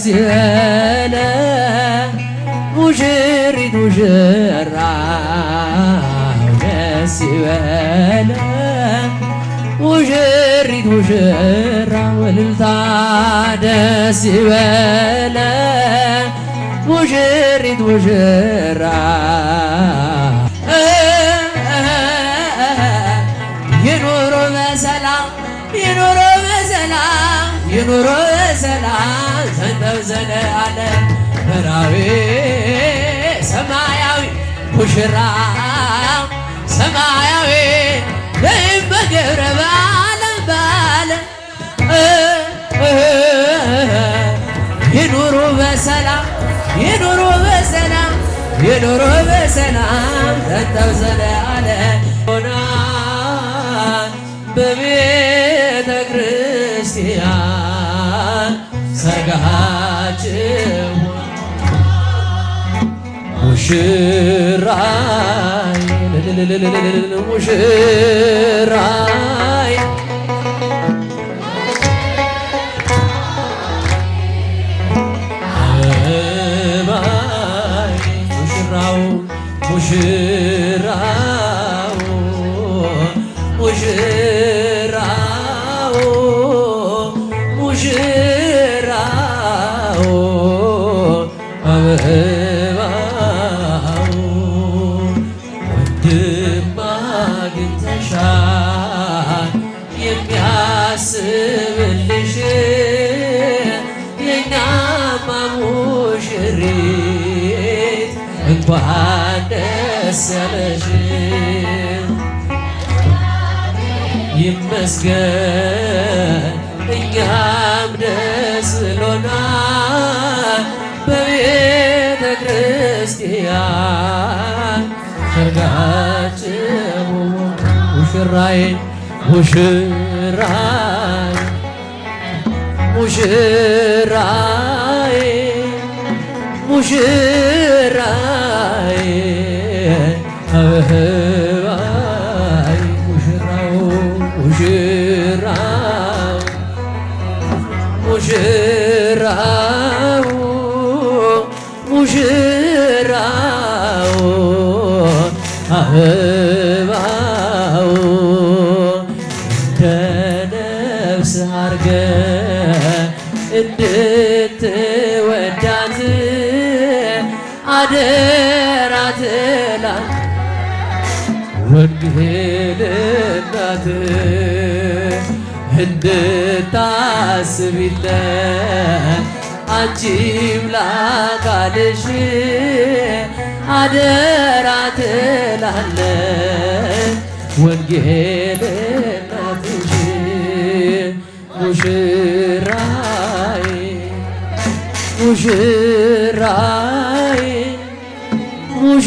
ሲለ ሙሽሪት ሙሽራው ደስ ይበለ ሙሽሪት ሙሽራው እልልታ ደስ ይበለ ሙሽሪት ሙሽራ ይኑሩ በሰላም ይኑሩ በሰላም ይኑሩ ነው ዘለዓለም ምድራዊ ሰማያዊ ሙሽራ ሰማያዊ ይም በገብረ በዓለም በዓለም ይኑሩ በሰላም ይኑሩ በሰላም ይኑሩ በሰላም ዘለዓለም ያላችሁ ሙሽራይ ሙሽራይ ይመስገን እኛም ደስ ብሎናል በቤተ ክርስቲያን ሰርጋችን ሙሽራዬ ሙሽራዬ ሙሽራዬ ሙሽራዬ አበባው ከነፍስ አርገ እንድትወዳት አደራትላ ላል ወንጌልናት አንቺም ላካልሽ አደራ ትላለ ወንጌል እናትሽ ሙሽራይ ሙሽራይ ሙሽ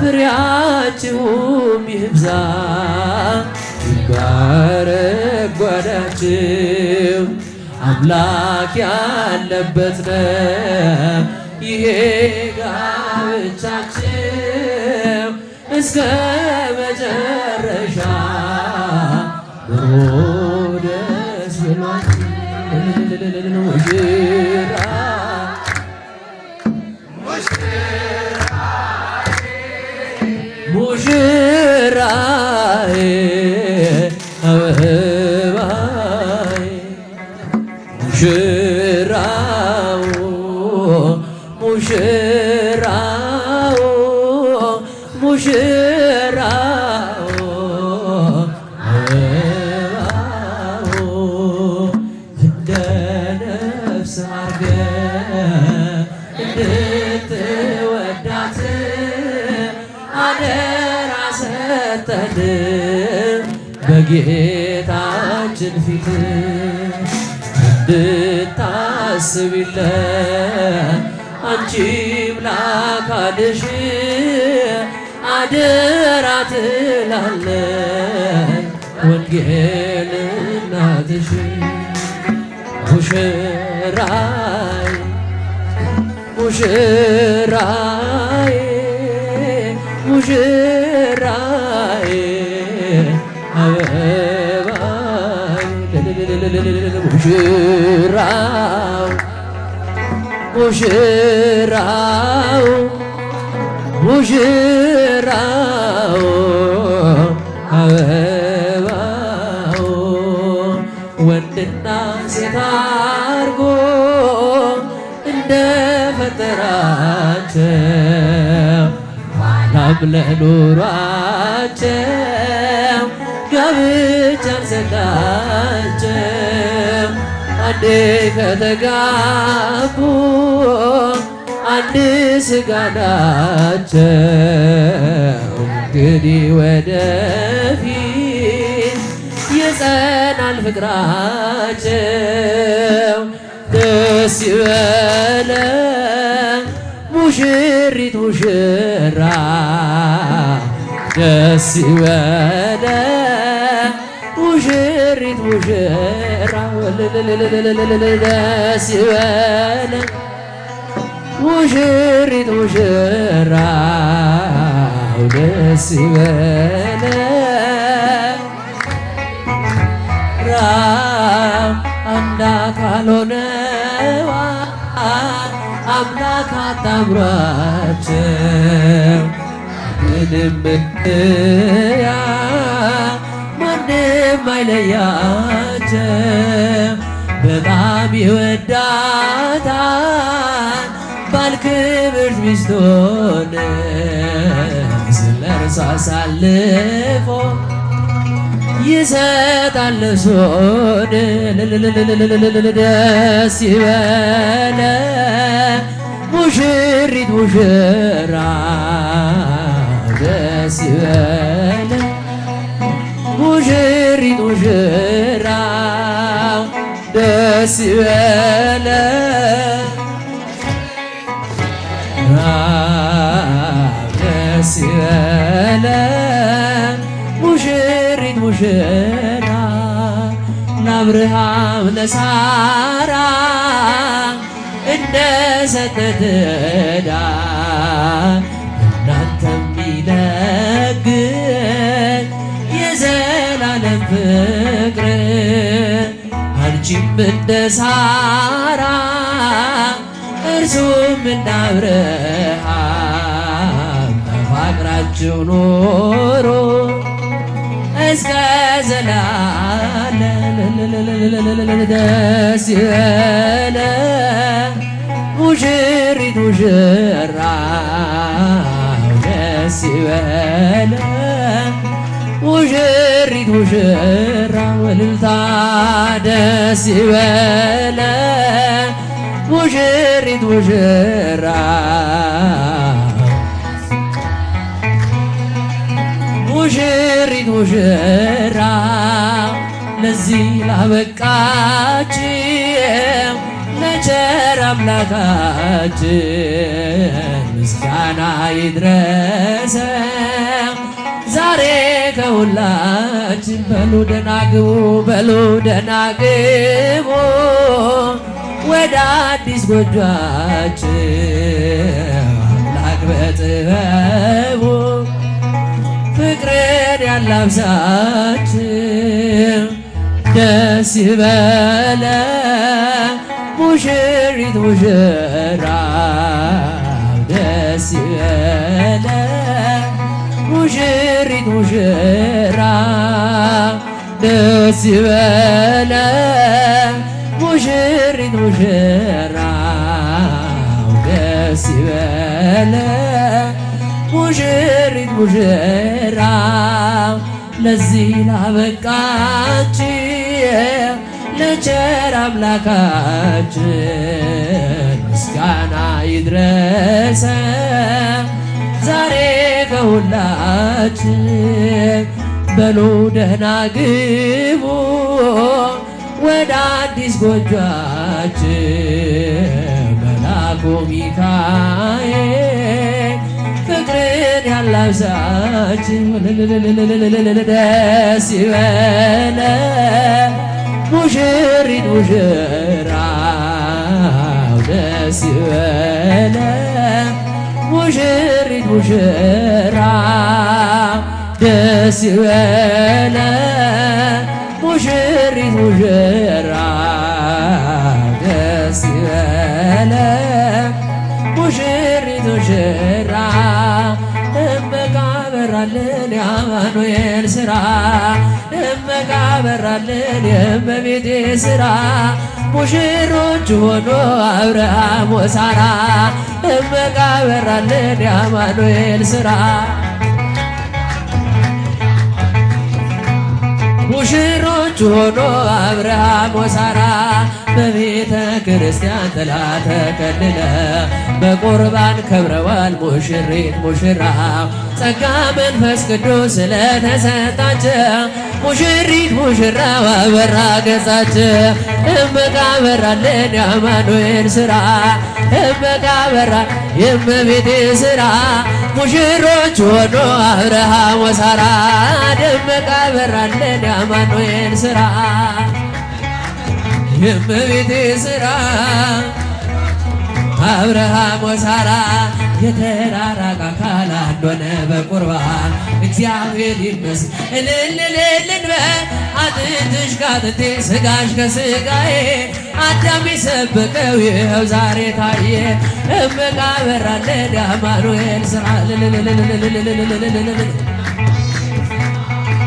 ፍሬያችሁም ይብዛ ይባረክ ጓዳችሁ አምላክ ያለበት ነው ይሄ ጋብቻችሁ እስከ መጨረሻ ደስ ብሏችሁ ግራዬ አበባዬ ሙሽራው ሙሽራው ሙሽራው በጌታችን ፊት እንድታስቢለን አንቺ ለአካልሽ አደራ ትላለን ወንጌል እናትሽ ሙሽራይ ሙሽራይ ሙሽ ሙሽራው ሙሽራው ሙሽራው አበባው ወንድና ሴት አርጎ እንደ ፈጠራቸው ኋላም ለኑሯቸው ጋብቻን ሰጣቸው። አንድ ከተጋቡ አንድ ስጋ ናቸው። እንግዲህ ወደፊት የጸናል ፍቅራቸው። ደስ ይበለ ሙሽሪት ሙሽራ ደስ ይበለ ሙሽሪት ሙሽራ ሙሽሪት ደስ ራም አምላክ አልሆነዋ አምላክ ምንም ምክንያ ማንም አይለያችም። በጣም ይወዳታል ባልክብርት ሚስቶን ስለርሷ አሳልፎ ይሰጣል ለሶን ደስ ይበለ ሙሽሪት ሙሽራ ያስበል ሙሽሪት ሙሽራው ደስ ይበለ ደስ ይበለ ሙሽሪት ሙሽራ አብርሃም ለሳራ እንደ ሰተተዳ የሚያስመሰግን የዘላለም ፍቅር አንቺም እንደ ሳራ እርሱም እንደ አብርሃም ተፋቅራችሁ ኖሮ እስከ ዘላለም ደስ ይበለን ሙሽሪት ሙሽራ ሲበለ ሙሽሪት ሙሽራ ወልልታ ደስ ይበለ ሙሽሪት ሙሽራ ሙሽሪት ሙሽራ ለዚህ ላበቃችም ቸር አምላካችን ምስጋና ይድረሰ ዛሬ ከሁላችን በሉ ደናግቡ በሉ ደናግቡ ወደ አዲስ ጎጇችን አምላክ በጥበቡ ፍቅርን ያላብሳችን ደስ ይበለ ሙሽሪት ሙሽራው ደስ ይበለ ሙሽሪት ሙሽራው ደስ ይበለ ሙሽሪት ሙሽራው ደስ ይበለ ሙሽሪት ሙሽራው ለዚህ ላበቃች ለቸር አምላካችን ምስጋና ይድረሰ ዛሬ ከሁላችን በሉ ደህና ግቡ ወደ አዲስ ጎጇችን መላኩ ሚካኤል ፍቅርን ያላብሳችን ደስ ይበለ ሙሽሪት ሙሽራው ደስ ይበለ ሙሽሪት ሙሽራው ደስ ይበለ ሙሽሪት ሙሽራው ደስ ይበለ ሙሽሪት ሙሽራው እመቃብራልን የአማኑኤል ስራ ጨረቃ በራልን የእመቤቴ ስራ ሙሽሮች ሆኖ አብርሃም ወሳራ እመቃ በራልን የአማኑኤል ስራ ሙሽሮች ሆኖ አብርሃም ወሳራ በቤተ ክርስቲያን ጥላ ተከልለ በቁርባን ከብረዋል ሙሽሪት ሙሽራ ጸጋ መንፈስ ቅዱስ ስለተሰጣቸው ሙሽሪት ሙሽራ አበራ ገጻቸው እመቃ በራለን የአማኑኤል ስራ እመቃ በራ የእመቤቴ ስራ ሙሽሮች ሆኖ አብረሃ ወሳራ ደመቃ በራለን የአማኑኤል ስራ የእመቤቴ ስራ አብርሃም ወሳራ የተራራቀ አካል አንድ ሆነ በቁርባን እግዚአብሔር ይመስገን። እልልልልን አጥንትሽ ከአጥንቴ ሥጋሽ ከሥጋዬ አዳም የሰበከው ይኸው ዛሬ ታየ። እመቃብር አለ ዳማኑኤል ሥራ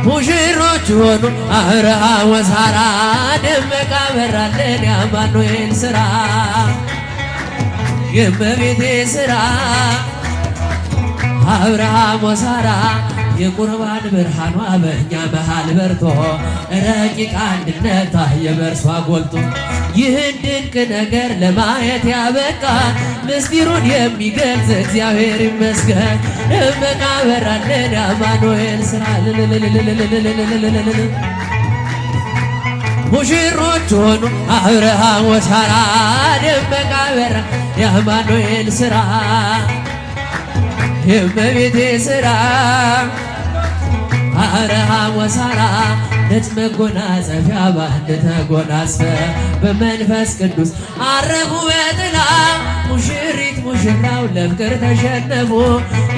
ሙሽሮች ሆኑ አህረ ወሳራ ደመቃ በራለን የአማኑኤል ስራ የእመቤቴ ስራ አብርሃም ወሳራ የቁርባን ብርሃኗ በእኛ መሃል በርቶ ረቂቅ አንድነቷ የበርሷ ጎልቶ ይህን ድንቅ ነገር ለማየት ያበቃ ምስጢሩን የሚገልጽ እግዚአብሔር ይመስገን። ደመና በራለን አማኑኤል ስራ ሙሽሮች ሆኑ አብርሃም ወሳራ ደመና በራ የአማኑኤል ስራ የእመቤቴ ሥራ አረሃ ወሳራ ነጭ መጎናጸፊያ በአንድ ተጎናጽፈ በመንፈስ ቅዱስ አረፉ በጥላ ሙሽሪት ሙሽራው ለፍቅር ተሸነፉ።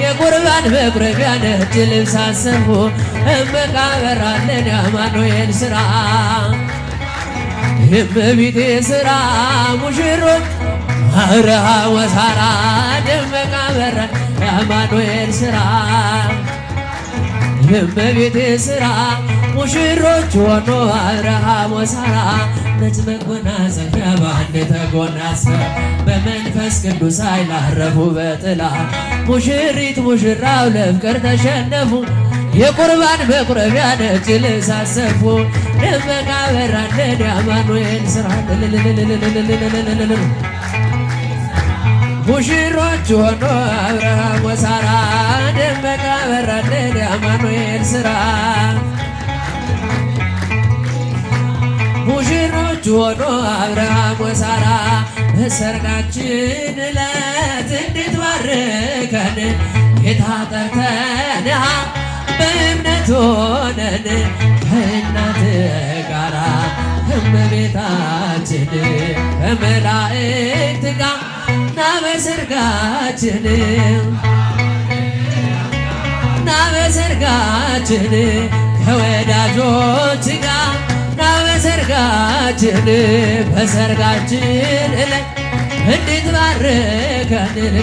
የቁርባን መቁረቢያ ነጭ ልብስ አሰፉ። እመቃበራለን የአማኑኤል ሥራ የእመቤቴ ሥራ ሙሽሮች አረሃ ወሳራ ደመቃበራል የአማኑኤል ስራ የእመቤቴ ስራ ሙሽሮች ሆኖ አብርሃም ወሳራ ነጭ መጎናጸፊያ በአንድ ተጎናጸፉ በመንፈስ ቅዱስ ኃይል አረፉ በጥላ ሙሽሪት ሙሽራው ለፍቅር ተሸነፉ የቁርባን መቁረቢያ ነጭ ልሳሰፉ ደመና በራለድ የአማኑኤል ስራ! ሙሽሮች ሆኖ አብርሃም ወሳራ ደመቀ በራልን የአማኑኤል ስራ ሙሽሮች ሆኖ አብርሃም ወሳራ በሰርጋችን ዕለት እንድትባርከን ጌታ ጠርተንሃል በእምነት ሆነን ከእናት ጋራ እመቤታችን ከመላእክት ጋር ናበሰርጋችን ናበሰርጋችን ከወዳጆች ጋር ናበሰርጋችን በሰርጋችን ላይ እንዴት ባረከን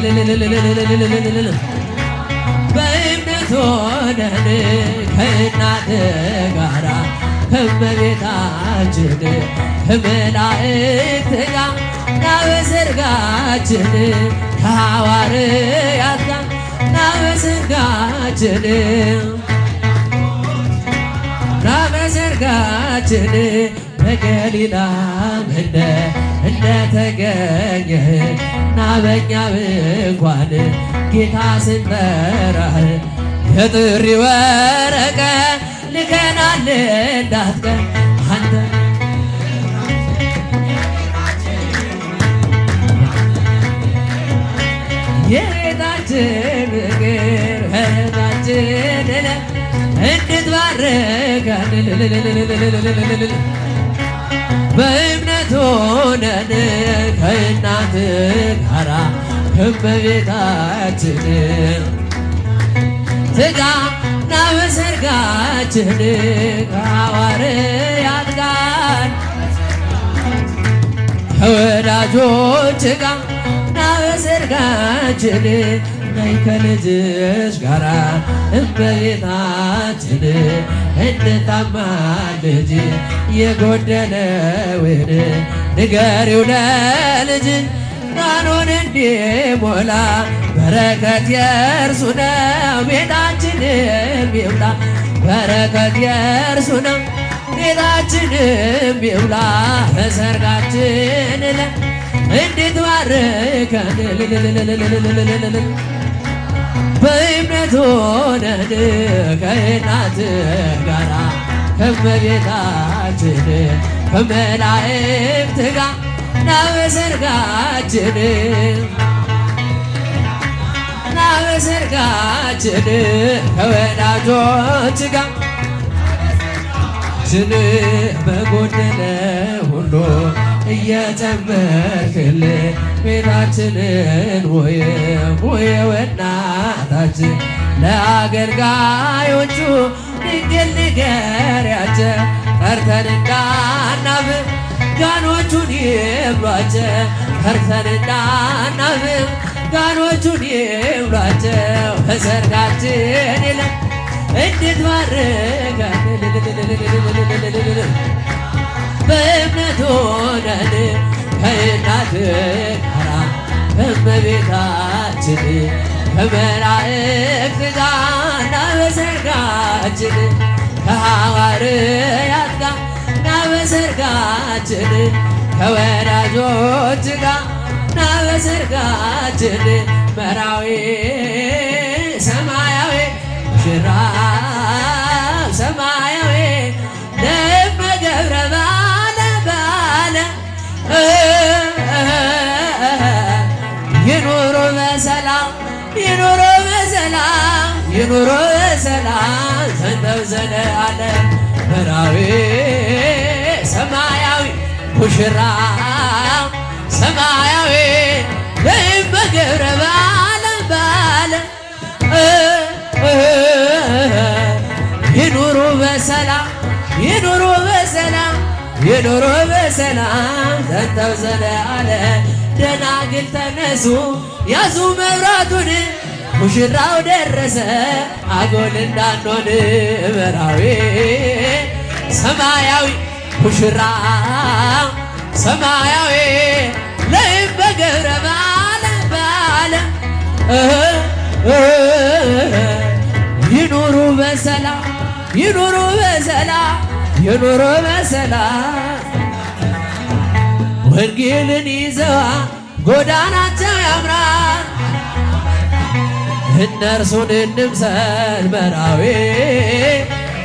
በእምነት ሆነን ከእናት ጋራ ከመቤታችን ከመላእክት ጋር ናበሰርጋችን ከሐዋርያት ጋር ናበሰርጋችን ናበሰርጋችን በገሊላ እንደ እንደተገኘህ ናበኛ እንኳን ጌታ ስንጠራህ የጥሪ ወረቀ ልከናል እንዳትቀር በአንድ ፍቅር እታችን እንድትባረከን በእምነት ሆነን ከእናት ጋራ ከመቤታችን ትጋና በሰርጋችን ከሐዋርያት ጋር ከወዳጆች ጋር ናበሰርጋችን ነይ ከልጅሽ ጋራ እመቤታችን እንታማልጅ የጎደለውን ንገሪው ለልጅ ቃሉን እንዲሞላ በረከት የእርሱ ነው ቤታችን ይብላ በረከት የእርሱ ነው ቤታችን ይብላ በሰርጋችን ለ አንቱ ነን ከእናት ጋራ ከመቤታችን ከመላእክት ጋር ናበሰርጋችን ናበሰርጋችን ከወዳጆች ጋር ችን በጎደለ ሁሉ እየጨመርክልን ቤታችንን ወየ ወየ ወናታችን ለአገልጋዮቹ ድንግል ንገሪያቸው ፈርተን እንዳናፍር ጋኖቹን ይብሏቸው ፈርተን እንዳናፍር ጋኖቹን ይብሏቸው በሰርጋችን ይለን እንዴት በእምነት ሆነን ከእናት ጋራ እመቤታችን በመላእክት ጋርና በሰርጋችን ከሐዋርያት ጋርና በሰርጋችን ከወዳጆች ጋርና በሰርጋችን መራዊ ይኑር ሰላም ዘንተው አለ ምድራዊ ሰማያዊ ሙሽራ ሰማያዊ ይም በገብረ በዓለም ባለ ይኑሩ በሰላም ይኑሩ በሰላም ይኑሩ በሰላም ዘንተው ዘለዓለ ደናግል ተነሱ ያዙ መብራቱን ሙሽራው ደረሰ አጎል እንዳንሆን በራዊ ሰማያዊ ሙሽራ ሰማያዊ ለይም በገብረ ባለ ባለ ይኑሩ በሰላም ይኑሩ በሰላም ይኑሩ በሰላም ወንጌልን ይዘዋ ጎዳናቸው ያምራል እነርሱን እንምሰል መራዊ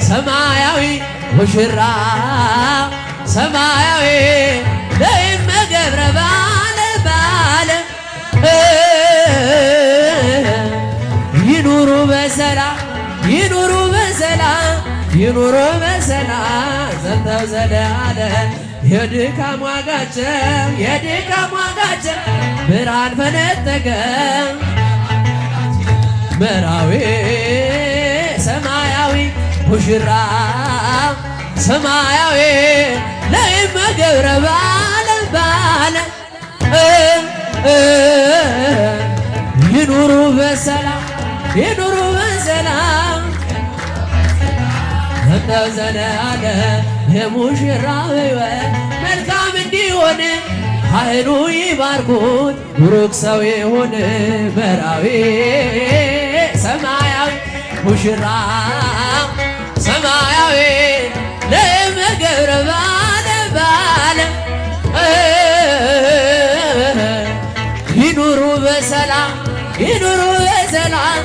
ሰማያዊ ሙሽራ ሰማያዊ ለይመገብረ ባለ ባለ ይኑሩ በሰላም ይኑሩ በሰላም ይኑሩ በሰላም ዘንተው ዘለአለ የድካም ዋጋቸው የድካም ዋጋቸው ብርሃን ፈነጠቀ መራዊ ሰማያዊ ሙሽራ ሰማያዊ ለእመ ገብረ ባለ ባለ ይኑሩ በሰላም ይኑሩ በሰላም እንተዘነ አለ የሙሽራ ሕይወት መልካም እንዲሆን ኃይሉ ይባርኩት ብሩክ ሰው ይሁን መራዊ ሰማያዊ ሙሽራ ሰማያዊ ለመገብረ ባለ ባለ ይኑሩ በሰላም ይኑሩ በሰላም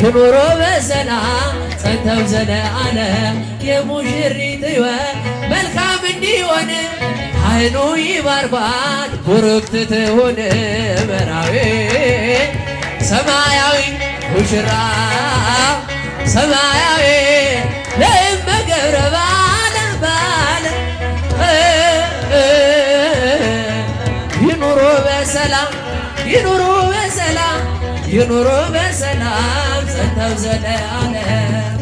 ይኑሩ በሰላም ጸንተው ዘለአለ የሙሽሪት ሕይወት መልካም እንዲሆን አይኑ ይባርባት ቡርክት መራዊ ሰማያዊ ሙሽራ ሰማያዊ ለእመገብረ ባለ ባለ ይኑሩ በሰላም ይኑሩ በሰላም ይኑሩ በሰላም ጸንተው ዘለዓለም